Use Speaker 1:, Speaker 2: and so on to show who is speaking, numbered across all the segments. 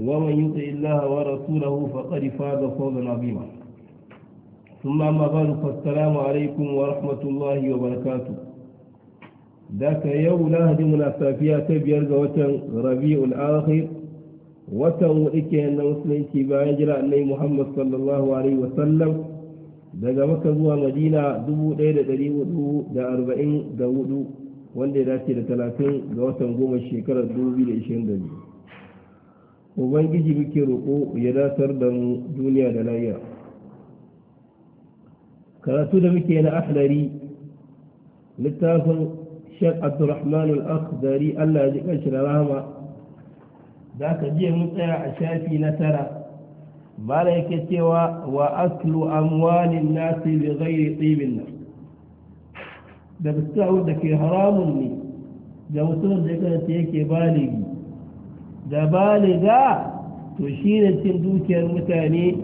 Speaker 1: ومن يطع الله ورسوله فقد فاز فوزا عظيما ثم أما بعد فالسلام عليكم ورحمة الله وبركاته ذاك يوم لهدي منافافية تبير وتن ربيع الآخر وتن وإكي أن مسلم كبا يجرى أني محمد صلى الله عليه وسلم daga maka zuwa madina 1440 da hudu wanda ya dace da 30 ga watan goma shekarar 2022 ubangiji muke roƙo ya datar da mu duniya da layya karatu da muke na ahlari littafin shek abdurrahman al-akhdari allah ya ji ƙarshe rahama za ka je mun tsaya a shafi na tara bala yake cewa wa aslu amwalin nasi bi ghairi da bisawu da ke haramun ne da mutumin da ya yake baligi da baliga to shi ne cin dukiyar mutane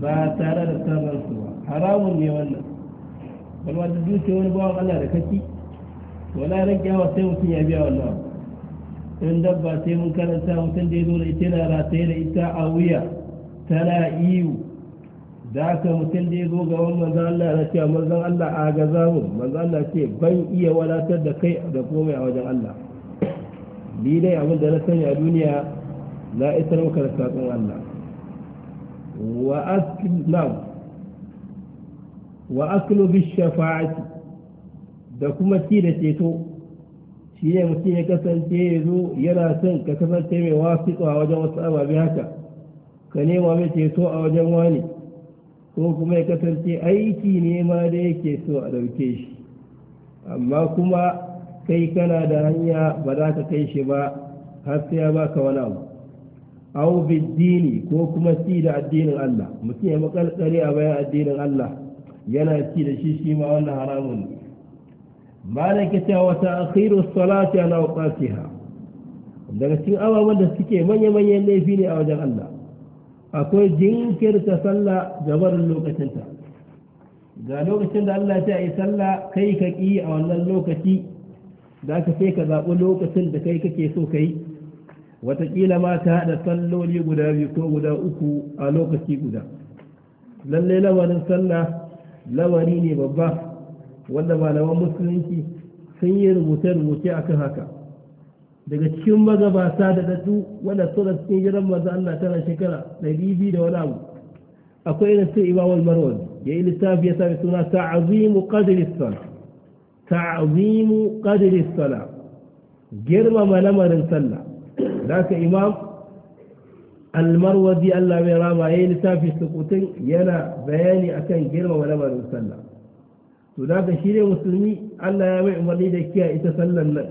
Speaker 1: ba tare da samun ba haramun ne wannan wani wata dukiyar wani bawan Allah da kaki wala rage yawa sai mutum ya biya wannan in dabba sai mun karanta mutum da ya zo da ita na rataye da ita a wuya tana iyo da aka mutum da ya zo ga wani manzan Allah na cewa manzan Allah a gaza mu manzan Allah ce ban iya wadatar da kai da komai a wajen Allah ni dai abin da na sani a duniya na isar maka da saƙon Allah wa askil bi shafa'ati da kuma ci da ceto shi ne mutum ya kasance ya zo yana son ka kasance mai wasiƙa a wajen wasu ababe haka ka nema mai ceto a wajen wani ko kuma ya kasance aiki ne ma da yake so a ɗauke shi amma kuma kai kana da hanya ba za ka kai shi ba har sai ya baka wani abu au biddini ko kuma si da addinin Allah mutum ya makalkare a bayan addinin Allah yana si da shi shi ma wannan haramun ne malaka ta wata akhiru salati ala waqtiha daga cikin ababen da suke manya manyan laifi ne a wajen Allah akwai jinkirta sallah da barin lokacinta ga lokacin da Allah ta yi sallah kai ka ki a wannan lokaci da ka sai ka zaɓi lokacin da kai kake so ka yi wataƙila ma ta haɗa salloli guda biyu ko guda uku a lokaci guda lalle lamarin sallah lamari ne babba wanda malaman musulunci sun yi rubuce-rubuce akan haka daga cikin magabata da dadu wanda suna cikin jiran maza na tana shekara ɗari biyu da wani abu akwai irin sai imamul marwan ya yi littafi ya sami suna ta azimu qadri sal تعظيم قدر الصلاة جرم ملمر صلاة ذاك إمام المروذي ألا ميراما أين سافي سقوطين ينا بياني أكن جرم ملمر صلاة ذاك شيري مسلمي ألا يمعي مريد كيا يتسلل لك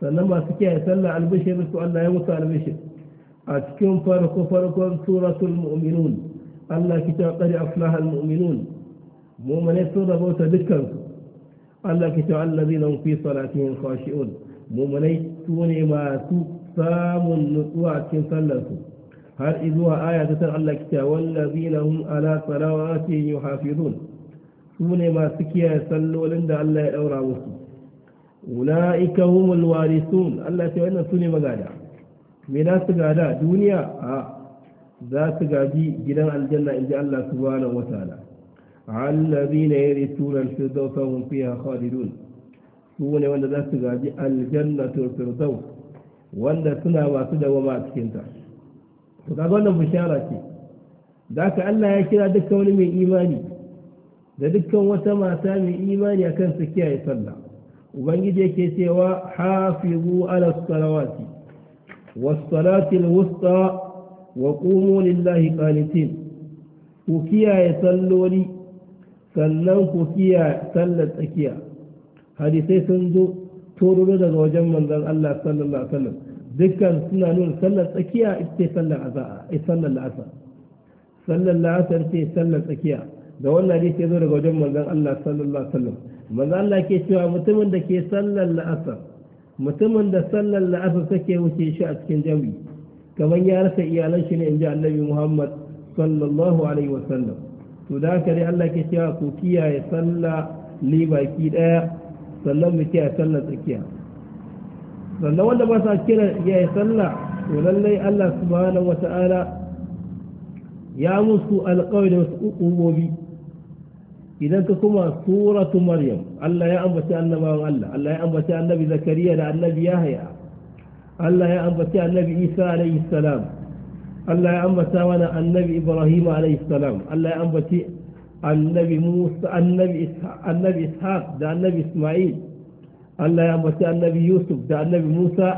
Speaker 1: فلما سكيا على البشر بسو ألا يموت على البشر أتكم فرق فرق سورة المؤمنون الله كتاب قد أفلاح المؤمنون مؤمنين سورة بوتا ذكرتو Allah ke cewa allazina hum fi salatin khashi'un mu'minai su ne masu samun nutsuwa cikin sallarsu har izuwa aya ta tar Allah ke cewa wallazina hum ala salawatihim yuhafizun su ne masu kiyaye sallolin da Allah ya daura musu ulaika humul warisun Allah ce wannan su ne magada me za su gada duniya a za su gaji gidan aljanna in ji Allah subhanahu wataala على الذين يرثون الفردوس وهم فيها خالدون سوى لما ذات غادي الجنة الفردوس وان سنا ما وما تكنت فقال وانا بشارة ذاك الله يشرى دكا من إيماني ذاك وسما سامي إيماني أكن سكيا يصلى وبنجد يكي سوى حافظوا على الصلوات والصلاة الوسطى وقوموا لله قانتين وكيا يصلوا لي sannan ku kiya sallar tsakiya hadisai sun zo tororo daga wajen manzon Allah sallallahu alaihi wasallam dukkan suna nuna sallar tsakiya ita sallar azaa ita eh, sallar la'asar sallar la'asar ce sallar tsakiya da wannan hadisi ya zo daga wajen manzon Allah sallallahu alaihi wasallam manzon Allah ke cewa mutumin da ke sallar la'asar mutumin da sallar la'asar take wuce shi a cikin jami'i kamar ya rasa iyalan shi ne in ji annabi Muhammad sallallahu alaihi wasallam to da haka dai Allah ke cewa ku kiyaye sallah li baki daya sallan mu kiyaye sallah tsakiya sannan wanda ba sa kira yi sallah to lallai Allah subhanahu wata'ala ya musu alƙawai da wasu ƙuƙubobi idan ka kuma suratu maryam Allah ya ambaci annabawan Allah Allah ya ambaci annabi zakariya da annabi yahaya Allah ya ambaci annabi Isa alaihi salam الله أنبت وانا النبي إبراهيم عليه السلام الله أنبت النبي موسى النبي النبي إسحاق ده النبي إسماعيل الله أنبت النبي يوسف ده النبي موسى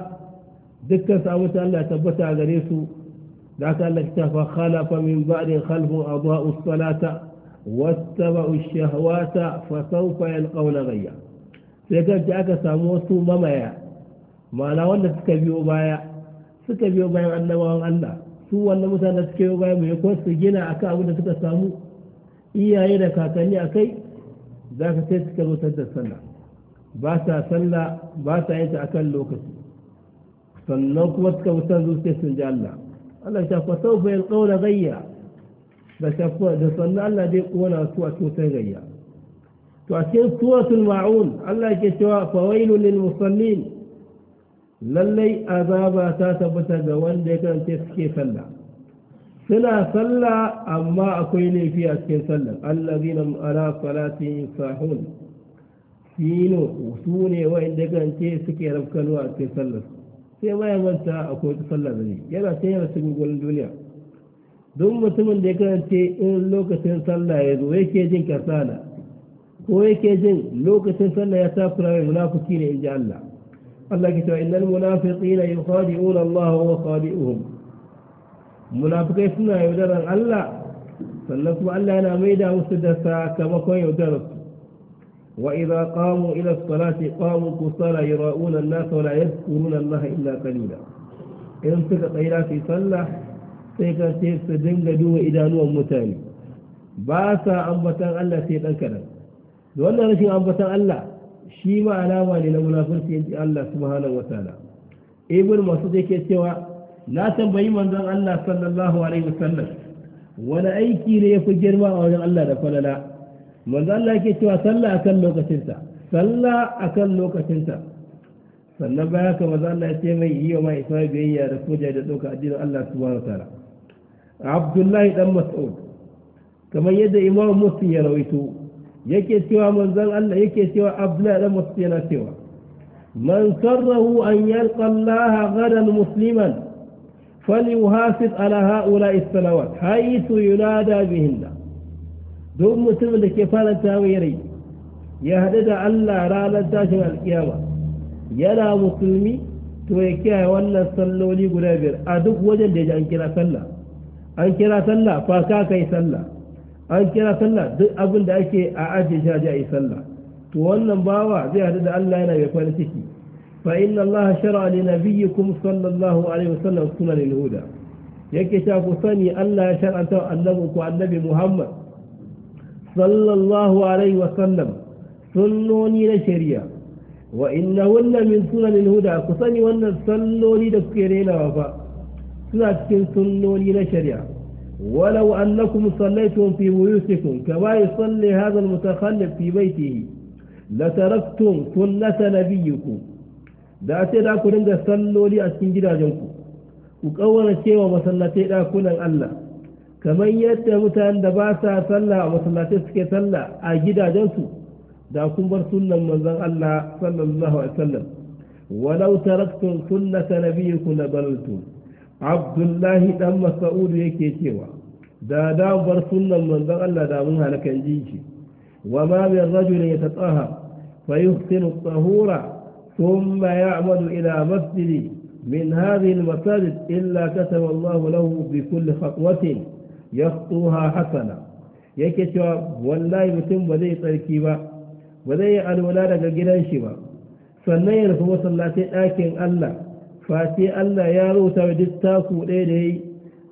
Speaker 1: ذكر سأمت الله تبت على ريسه ذات الله اكتفى خلف من بعد خلف أضاء الصلاة واتبع الشهوات فسوف يلقون غيا سيكون جاءك سموت مميا ما لا ولا تكبيو بايا تكبيو بايا أنه الله su wannan mutane suke yi bayan mai ko su gina akan abin da suka samu iyaye da kakanni a kai za ka sai suka zo da sallah ba sa sallah ba sa yin ta akan lokaci sannan kuma suka mutan zuwa sai sun ji Allah Allah ya shafa sau bayan ƙaura gayya da shafa da sannan Allah dai ƙona su a cutar gayya to a cikin suratul ma'un Allah ke cewa fawailul lil musallin lallai azaba ta tabbata ga wanda ya kasance suke sallah suna sallah amma akwai laifi a cikin sallah allazina ala salati sahun sino su ne wa'inda ya kasance suke rafkanuwa a cikin sallah sai ya manta akwai wata sallah da ne yana ta yana cikin gwanin duniya don mutumin da ya kasance in lokacin sallah ya zo yake jin kasala ko yake jin lokacin sallah ya sa fura munafuki ne in ji Allah قال لك إن المنافقين يخادعون الله وخادعهم منافقين سنة يدر أن لا فلنسوا أن لا نميدا مستدسا كما كان يدر وإذا قاموا إلى الصلاة قاموا كسالا يراؤون الناس ولا يذكرون الله إلا قليلا إن سكت إلى في صلى سيكون سيستدن لدوه إذا نوى متاني باسا أنبتان الله سيكون كذا لأن رشي أنبتان الله shi ma alama ne na munafurci yanzu Allah subhanahu wa ta'ala ibn zai ke cewa na tambayi manzon Allah sallallahu alaihi wasallam wani aiki ne ya fi girma a wajen Allah da falala manzon Allah ke cewa sallah akan lokacinta sallah akan lokacinta sannan baya ka maza Allah ya ce mai yi wa mai isa biyayya da soja da ɗauka addinin Allah subhanahu wa ta'ala Abdullahi dan Mas'ud kamar yadda Imam Muslim ya rawaito yake cewa Allah yake cewa abla da masu yana cewa man sarrahu an yalqa Allah gadan musliman falyuhafiz ala haula as-salawat haythu yunada bihinna duk mutumin da ke faranta mai rai ya haɗu da Allah ranar tashin alkiyama yana musulmi to ya kiyaye wannan salloli guda biyar a duk wajen da ya ji an kira sallah an kira sallah fa ka kai sallah an kira sallah duk abin da ake a ajiye shi aje a yi sallah to wannan bawa zai haɗu da Allah yana mai farin ciki fa inna Allah shar'a li nabiyyikum sallallahu alaihi wasallam sunan al-huda yake ta ku sani Allah ya shar'anta annabi ku annabi Muhammad sallallahu alaihi wasallam sunnoni na shari'a wa innahunna min sunan al-huda ku sani wannan salloli da kuke renawa ba? suna cikin sunnoni na shari'a ولو أنكم صليتم في بيوتكم كما يصلي هذا المتخلف في بيته لتركتم سنة نبيكم da a ce da ku dinga salloli a cikin gidajenku ku kawana cewa masallatai ɗakunan Allah kamar yadda mutanen da ba sa sallah a masallatai suke sallah a gidajensu da kun bar sunnan manzon Allah sallallahu alaihi wasallam walau taraktum sunnata nabiyyikum la balaltum عبد الله دم مسعود يكي تيوا دادا برسولنا من دغ الله دامنها لكن جيشي وما من رجل يتطهر فيحسن الطهور ثم يعمد إلى مسجد من هذه المساجد إلا كتب الله له بكل خطوة يخطوها حسنه يكي تيوا والله يتم بذي تركيبا بذي الولادة قلنشبا فالنير هو صلاة آكين الله fati Allah ya rubuta wa duk taku ɗaya da yi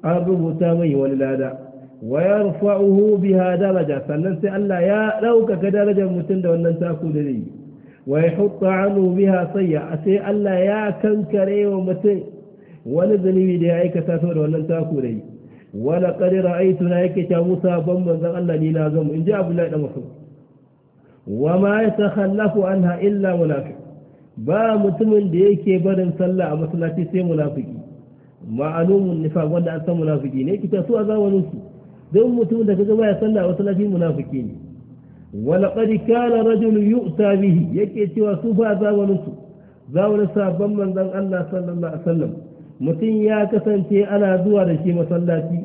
Speaker 1: an rubuta mai wani lada wa ya rufa'uhu biha daraja sannan sai Allah ya ɗaukaka darajar mutum da wannan taku da zai yi wa ya hutta anu biha sayya sai Allah ya kankare wa mutum wani zunubi da ya aikata saboda wannan taku da yi wala qadira aituna yake ta Musa ban manzon Allah ni na gamu in ji Abdullahi dan Mas'ud wa ma an anha illa munafiq ba mutumin da yake barin sallah a masallaci sai munafiki ma'alumun nifa wanda an san munafiki ne kita su a zamanin su don mutum da kaga baya sallah a masallaci munafiki ne wala qad kana rajul yu'ta bihi yake cewa su ba zamanin su zamanin sabon manzon Allah sallallahu alaihi wasallam mutum ya kasance ana zuwa da shi masallaci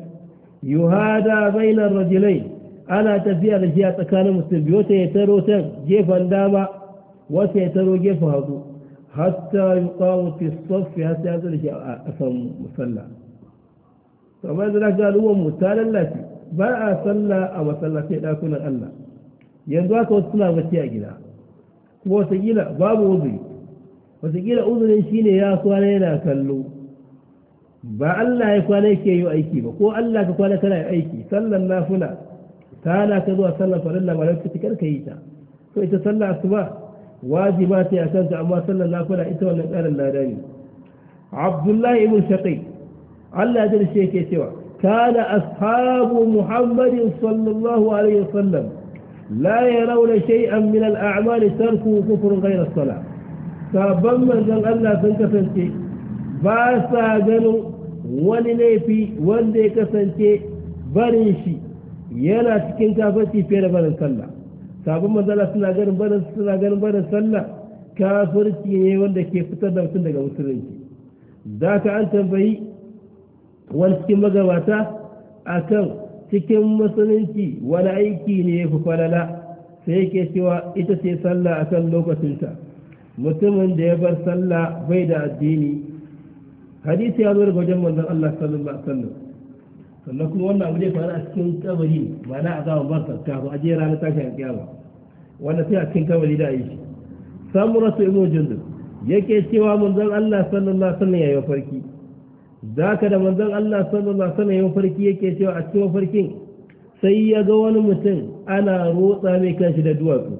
Speaker 1: yuhada bainar rajulain ana tafiya da shi a tsakanin mutum biyo ta yi taro ta gefen dama wasu ya taro gefen hagu hatta yi kawo fi hatta ya zara shi a kan musalla kamar da ga ruwan mu ta lallace ba a salla a sai dakunan allah yanzu haka wasu suna bacci a gida kuma gina, babu uzuri watakila uzurin shine ya kwana yana kallo ba allah ya kwana yake yi aiki ba ko allah ka kwana kana aiki sallan nafula ta na ta zuwa sallan farin ba ta kar ka yi ta to ita sallan asuba واجباتي عشان تعمى صلى الله عليه وسلم إتوى نقال اللاداني عبد الله بن شقي على أدري الشيء كيسوا كان أصحاب محمد صلى الله عليه وسلم لا يرون شيئا من الأعمال تركوا كفر غير الصلاة فبما جل الله سنك سنتي باسا جنو ولنيفي ولنك سنتي برنشي يلا سكنك فتي في ربنا الله sabon manzala suna ganin barin suna ganin barin sallah kafirci ne wanda ke fitar da mutum daga musulunci za ka an tambayi wani cikin magabata a kan cikin musulunci wani aiki ne ya fi falala sai yake cewa ita ce sallah a kan lokacinta mutumin da ya bar sallah bai da addini hadisi ya zo daga wajen manzon Allah sallallahu alaihi wasallam sannan kuma wannan abu zai faru a cikin kabari ba na azaban barsa zo ajiye ranar tashin alƙiyama wannan sai a cikin kabari da aiki samu rasu ibnu jundub yake cewa manzon Allah sallallahu alaihi wasallam yayi farki zaka da manzon Allah sallallahu alaihi wasallam yayi farki yake cewa a cikin farkin sai ya ga wani mutum ana rotsa mai kanshi da duwatsu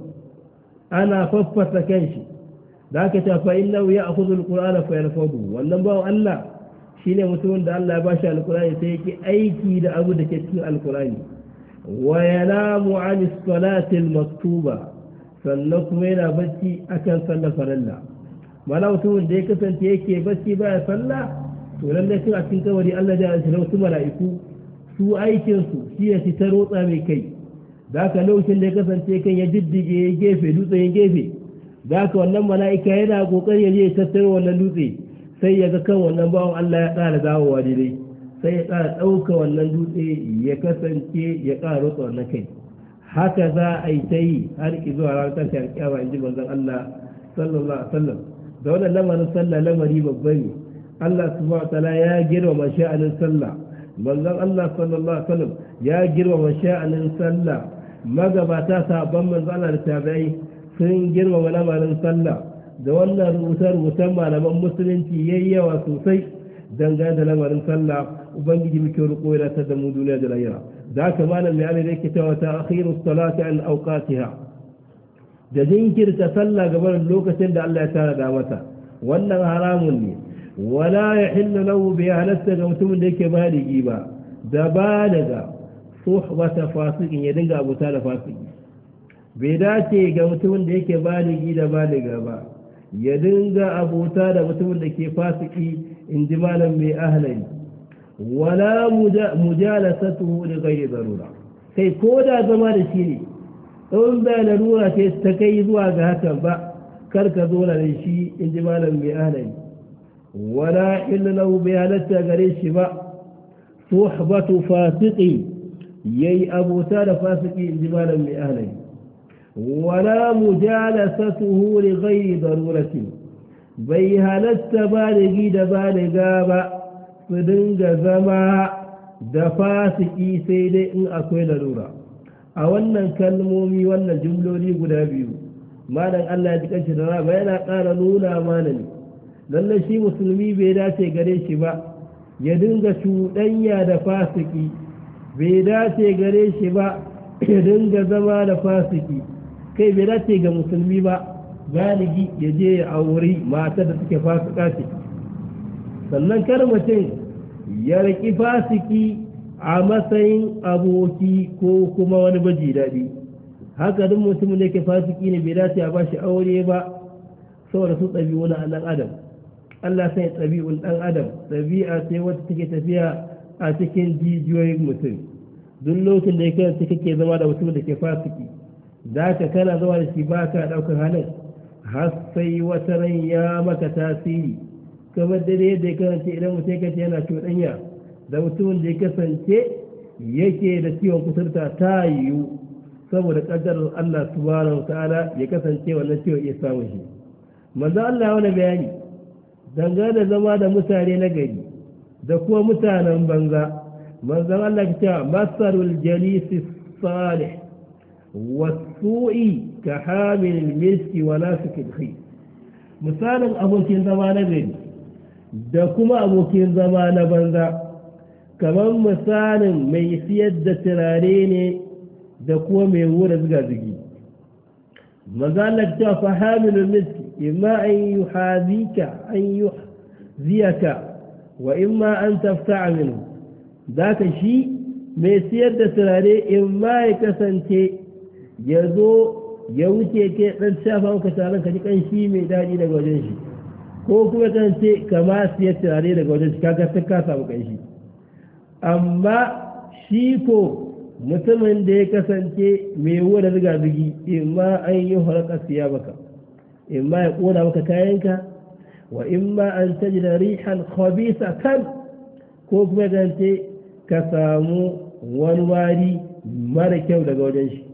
Speaker 1: ana faffasa kanshi da aka ce fa innahu ya'khudhu al-qur'ana fa yarfudu wannan ba Allah shine mutumin da Allah ba shi alkurani sai yake aiki da abu da ke cikin alkurani wa yanamu an salati maktuba sannan kuma yana bacci akan sallar farilla mana mutumin da ya kasance yake bacci baya salla to da shi a cikin kabari Allah da ya wasu mala'iku su aikinsu shi ya ci ta rotsa mai kai da ka lokacin da ya kasance kan ya diddige ya gefe dutse gefe da ka wannan mala'ika yana kokarin ya je tattara wannan dutse sai ya ga kan wannan bawan Allah ya tsara dawowa dai. sai ya tsara ɗauka wannan dutse ya kasance ya ƙara rutsa wannan kai haka za a yi ta yi har zuwa ranar tashi alƙiyama in ji manzon Allah sallallahu alaihi wasallam da wannan lamarin sallah lamari babba ne Allah subhanahu wataala ya girmama sha'anin sallah manzon Allah sallallahu alaihi wasallam ya girmama sha'anin sallah magabata sabon manzon Allah da tabi'ai sun girmama lamarin sallah da wannan rubutar rubucen malaman musulunci ya yi yawa sosai dangane da lamarin sallah ubangiji muke riko yana ta da mu duniya da lahira za ka malam mai alai yake cewa ta akhiru salata an awqatiha da jinkirta sallah gaban lokacin da Allah ya tara da mata wannan haramun ne wala ya hinna lahu bi halatta ga mutumin da yake baligi ba da balaga suhbata fasikin ya dinga abuta da fasiki bai dace ga mutumin da yake baligi da baliga ba ya dinga abota da mutumin da ke fasiki in ji malam mai ahalari wala mujalasatu da gairi zarura kai ko da zama da shi ne ba da larura ce ta kai zuwa ga hakan ba kar ka zo da shi in ji malam mai ahalari wala illau bai halatta gare shi ba suhbatu fasiki yayi abota da fasiki in ji malam mai ahalari wala mujalasatuhu li ghairi darurati bai halatta baligi da baliga ba su dinga zama da fasiki sai dai in akwai larura a wannan kalmomi wannan jumloli guda biyu malam Allah ya ji kanshi da rama yana ƙara nuna mana ne lalle shi musulmi bai dace gare shi ba ya dinga cuɗanya da fasiki bai dace gare shi ba ya dinga zama da fasiki kai bai dace ga musulmi ba galibi ya je ya auri matar da suke fasika ce sannan kar mutum ya riƙi fasiki a matsayin aboki ko kuma wani baji daɗi haka duk mutumin da yake fasiki ne bai dace a ba shi aure ba saboda su tsabi wani ɗan adam Allah sai wani ɗan adam ɗabi'a sai wata take tafiya a cikin jijiyoyin mutum duk lokacin da ya kai kake zama da mutum da ke fasiki za ka kana zuwa da shi ba ka ɗaukar halin har sai wata ran ya maka tasiri kamar da yadda ya kasance idan mutum kace yana cuɗanya da mutumin da ya kasance yake da ciwon kusurta ta yiwu saboda ƙaddarar Allah subhanahu wa ta'ala ya kasance wannan ciwon ya samu shi manzo Allah wani bayani dangane da zama da mutane na gari da kuma mutanen banza manzo Allah ya ce masarul jalisi salih Wasu wasu'i ka hamil miski wala kirki misalin abokin zama na gari da kuma abokin zama na banza kamar misalin mai siyar da turare ne da kuma mai wura zigazigi mazalar ta fahamilun miski imma an yi hazika an yi ziyaka wa imma an tafta aminu za ka shi mai siyar da turare imma ya kasance ya zo ya wuce ke ɗan shafa maka taron ka ji ƙanshi mai daɗi daga wajen shi ko kuma kan ce ma siya turare daga wajen shi kaga ta ka samu ƙanshi amma shi ko mutumin da ya kasance mai wuda riga bigi in ma an yi horakar siya baka in ma ya ƙona maka kayanka wa in ma an ji da rihan kwabisa kan ko kuma ce ka samu wani wari mara kyau daga wajen shi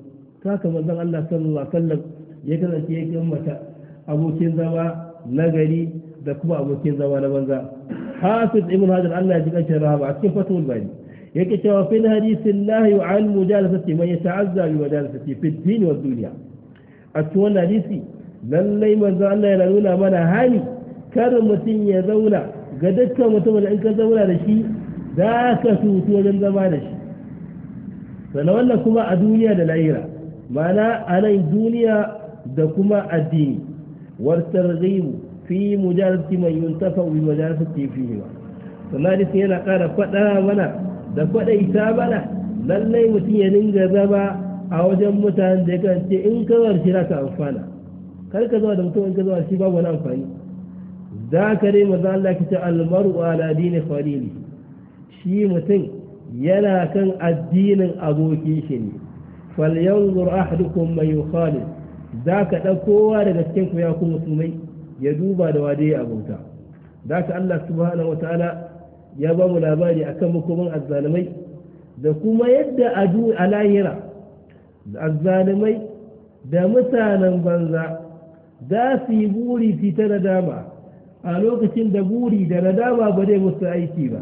Speaker 1: saka zan Allah sallallahu alaihi wasallam ya kasance ya kimmata abokin zama na gari da kuma abokin zama na banza hafiz ibn hajar Allah ya ji kace rahaba a cikin fatul bari yake cewa fil hadith Allah wa al mujalasati man yata'azza bi wadalati fi din wa dunya a cikin wannan hadisi lallai manzon Allah ya nuna mana hali kar mutum ya zauna ga dukkan mutumin da in ka zauna da shi za ka tutu wajen zama da shi sannan wannan kuma a duniya da lahira mana a nan duniya da kuma addini wartar gaibu fi mujalati mai yuntafa wa mujarabti fi ba. sannan yana ƙara faɗa mana da faɗaita mana lallai mutum ya dinga zama a wajen mutanen da ya kance in kawar shi ka amfana kar ka zama da mutum in ka zama shi babu wani amfani za ka dai maza Allah ki ta almaru ala dini khalili shi mutum yana kan addinin abokin shi ne falyanzur ahadukum man yukhalid zaka da kowa daga cikin ku ya ku musulmai ya duba da wade ya abauta zaka Allah subhanahu wataala ya ba mu labari akan makoman azzalimai da kuma yadda adu a lahira azzalimai da mutanen banza za su yi buri su ta nadama a lokacin da buri da nadama ba zai musu aiki ba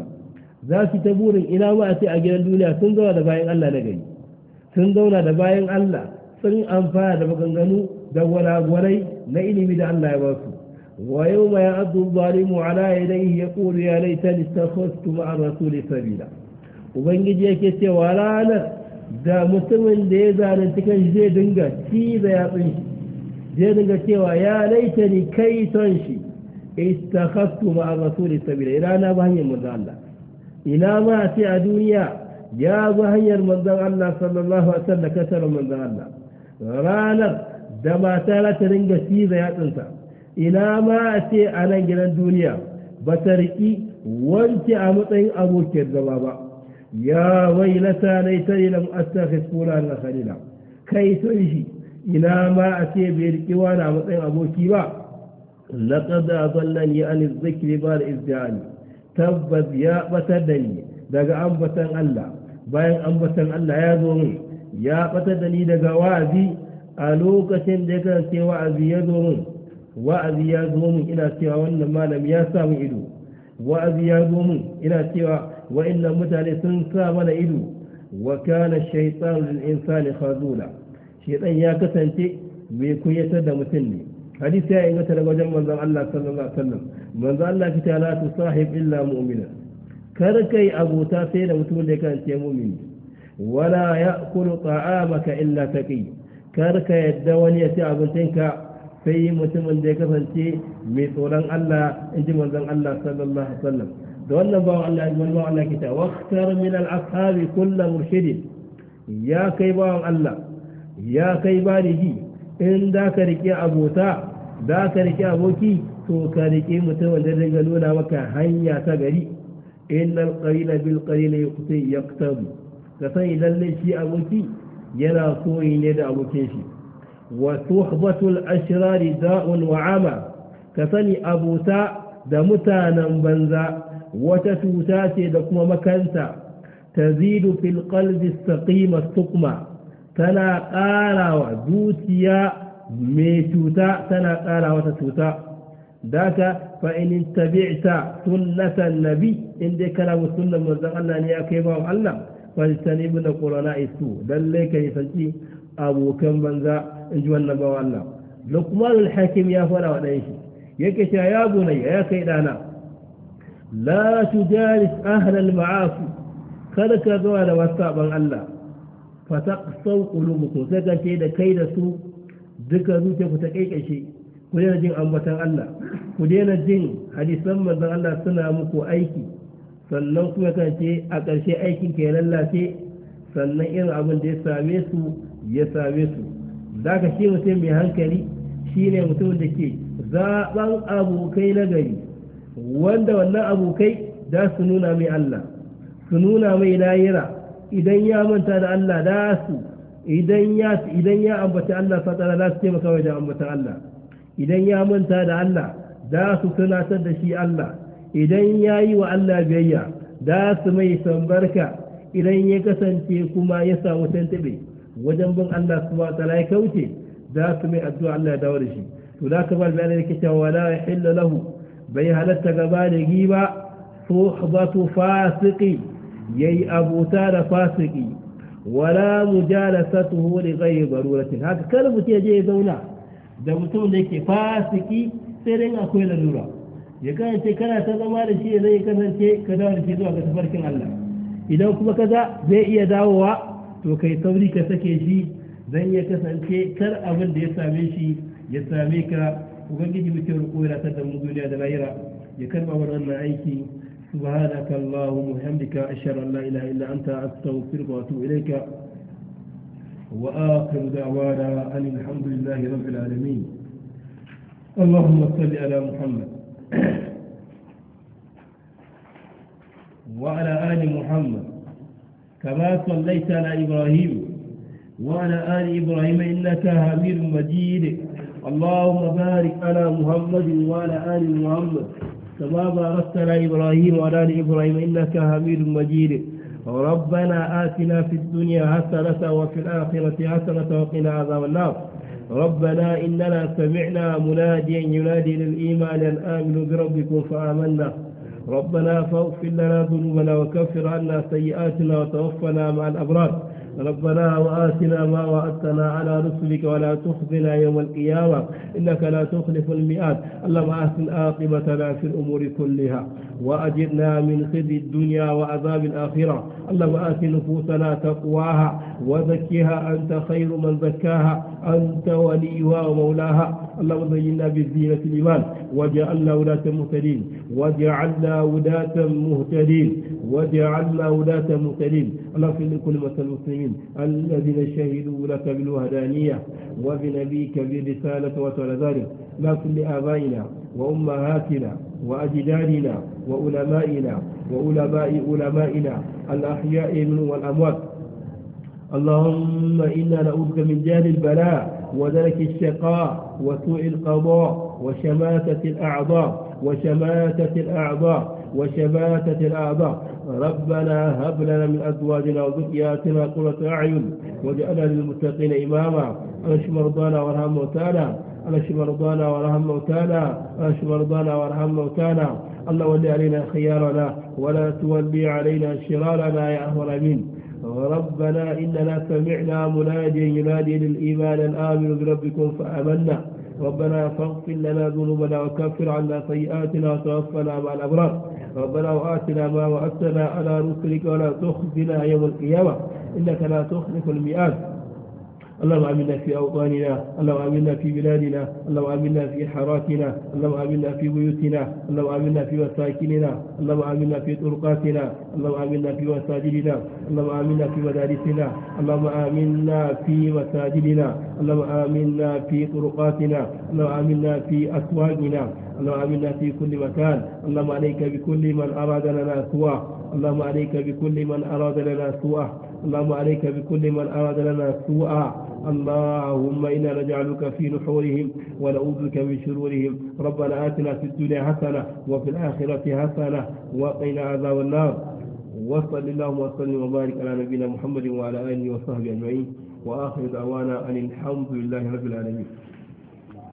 Speaker 1: za su ta burin ina ma a ce a gidan duniya sun zama da bayan Allah na gari sun zauna da bayan Allah sun amfana da maganganu da walagwalai na ilimi da Allah ya basu su wa yau ma ya abdu zalimu ala ya yaqulu ya laitani an rasu rasuli sabila ubangiji yake cewa ranar da mutumin da ya cikin shi zai dinga ci da yatsun shi zai dinga cewa ya laita ni kai ton shi an rasu rasuli sabila ina na ba hanyar Allah ina ma sai a duniya يا ظهير من ذا الله صلى الله عليه وسلم كسر من ذا الله رانر دما تالا ترنجا سيزا يا تنسى إلى ما أتي على جل الدنيا بتركي وانت أمطين أبو كذبابا يا ويلتا ليتني لم أستخف فلان لخليلا كيف يجي إلى ما أتي بيركي وانا أمطين أبو كيبا لقد أضلني عن الذكر بار إذ جاني تبت يا بتدني دقا أم بتن الله bayan ambatan Allah ya zo min ya ɓata da daga wa'azi a lokacin da yake ce wa'azi ya zo min wa'azi ya zo min ina cewa wannan malam ya sa min ido wa'azi ya zo min ina cewa wa wa'annan mutane sun sa mana ido wa kana shaytan lil insani khazula shaytan ya kasance mai kuyatar da mutum ne hadisi ya inganta daga wajen manzon Allah sallallahu alaihi wasallam manzon Allah kitala tu sahib illa mu'mina kar kai abota sai da mutum da ya kasance mumini wala ya'kulu ta'amaka illa taqi kar ka yadda wani ya ci abincinka sai mutumin da ya kasance mai tsoron Allah in ji manzon Allah sallallahu alaihi wasallam da wannan bawan Allah ya bawan Allah kita waqtar min al-ashabi kullu murshidin ya kai bawan Allah ya kai baligi in da ka rike abota da ka rike aboki to ka rike mutumin da zai nuna maka hanya ta gari إن القليل بالقليل يقتل يقتل كسان إذا لشي أبوتي ينا كوي ندى أبوتيشي وصحبة الأشرار داء وعامة كسان أبوتا دمتا نمبنزا وتتوتاتي دكما مكانتا تزيد في القلب السقيم السقمة تنا قالا ودوتيا ميتوتا تنا قالا وتتوتا data fa in tabi'ta sunnatan nabi in dai kana bi sunnan manzon Allah ne ya kai ba Allah fa tani bin qurana isu dalle kai sanci abokan banza in ji wannan ba Allah lokman al-hakim ya fara wa dai shi yake cewa ya gunai ya kai dana la tujalis ahla al-ma'asi kada ka zo da wasaban Allah fa taqsaw qulubukum sai kace da kai da su duka ku ta kaikashi ku daina jin ambatan Allah ku daina jin hadisan manzon Allah suna muku aiki sannan kuma kace a ƙarshe aikin ya lallace sannan irin abin da ya same su ya same su za ka shi mutum mai hankali shine ne mutum da ke zaɓan abokai na gari wanda wannan abokai da su nuna mai Allah su nuna mai layira idan ya manta da Allah da su idan ya idan ambaci Allah fatara za su taimaka wajen ambatan Allah idan ya manta da Allah za su tunatar da shi Allah idan ya yi wa Allah biyayya za su mai sambarka idan ya kasance kuma ya samu tantabe wajen bin Allah ba wa ya kauce za su mai addu'a Allah ya dawo da shi to da ka bar bayanai yake cewa wala yahillu lahu bai halatta gaba da giba fasiki, ya yayi abota da fasiki wala mujalasatuhu li ghayri daruratin haka kar ya je ya zauna da mutum da ke fasiki sai dai akwai lalura ya kasance kana ta zama da shi ya zai kasance ka dawo da shi zuwa ga tafarkin Allah idan kuma kaza zai iya dawowa to kai sauri ka sake shi zan iya kasance kar abin da ya same shi ya same ka ubangiji muke roƙo ya da mu duniya da lahira ya karba wannan aiki subhanaka allahumma hamdika ashhadu an la ilaha illa anta astaghfiruka wa atubu ilayka وآخر دعوانا أن الحمد لله رب العالمين اللهم صل على محمد وعلى آل محمد كما صليت على إبراهيم وعلى آل إبراهيم إنك حميد مجيد اللهم بارك على محمد وعلى آل محمد كما باركت على إبراهيم وعلى آل إبراهيم إنك حميد مجيد ربنا آتنا في الدنيا حسنة وفي الآخرة حسنة وقنا عذاب النار ربنا إننا سمعنا مناديا ينادي للإيمان أن آمنوا بربكم فآمنا ربنا فاغفر لنا ذنوبنا وكفر عنا سيئاتنا وتوفنا مع الأبرار ربنا وآتنا ما وعدتنا على رسلك ولا تخزنا يوم القيامة إنك لا تخلف المئات اللهم أحسن عاقبتنا في الأمور كلها وأجرنا من خزي الدنيا وعذاب الآخرة اللهم آت نفوسنا تقواها وزكها أنت خير من زكاها أنت وليها ومولاها اللهم زينا بالزينة الإيمان وجعلنا ولاة مهتدين وجعلنا ولاة مهتدين واجعلنا ولاة مهتدين اللهم اغفر لكل موتى المسلمين الذين شهدوا لك بالوهدانية وبنبيك بالرسالة وتعالى ذلك لا كل آبائنا وأمهاتنا وأجدادنا وعلمائنا وعلماء علمائنا الأحياء منهم والأموات اللهم إنا نعوذك من جهل البلاء ودرك الشقاء وسوء القضاء وشماتة الأعضاء وشماتة الأعضاء وشماتة الأعضاء ربنا هب لنا من أزواجنا وذرياتنا قرة أعين واجعلنا للمتقين إماما أنش مرضانا وارحم موتانا أنش مرضانا وارحم موتانا أنش مرضانا وارحم موتانا الله ولي علينا خيارنا ولا تولي علينا شرارنا يا أهل الأمين ربنا إننا سمعنا مناديا ينادي للإيمان الآمن بربكم فآمنا ربنا فاغفر لنا ذنوبنا وكفر عنا سيئاتنا وتوفنا مع الأبرار ربنا وآتنا ما وعدتنا على رسلك ولا تخزنا يوم القيامة إنك لا تخلف المئات اللهم آمنا في أوطاننا اللهم آمنا في بلادنا اللهم آمنا في حاراتنا اللهم آمنا في بيوتنا اللهم آمنا في مساكننا اللهم آمنا في طرقاتنا اللهم آمنا في مساجدنا اللهم آمنا في مدارسنا اللهم آمنا في مساجدنا اللهم آمنا في طرقاتنا اللهم آمنا في أسواقنا اللهم آمنا في كل مكان اللهم عليك بكل من أراد لنا سواه اللهم عليك بكل من أراد لنا سواه اللهم عليك بكل من أراد لنا سوءا اللهم إنا نجعلك في نحورهم ونعوذ بك من شرورهم ربنا آتنا في الدنيا حسنة وفي الآخرة حسنة وقنا عذاب النار وصل اللهم وسلم وبارك على نبينا محمد وعلى آله وصحبه أجمعين وآخر دعوانا أن الحمد لله رب العالمين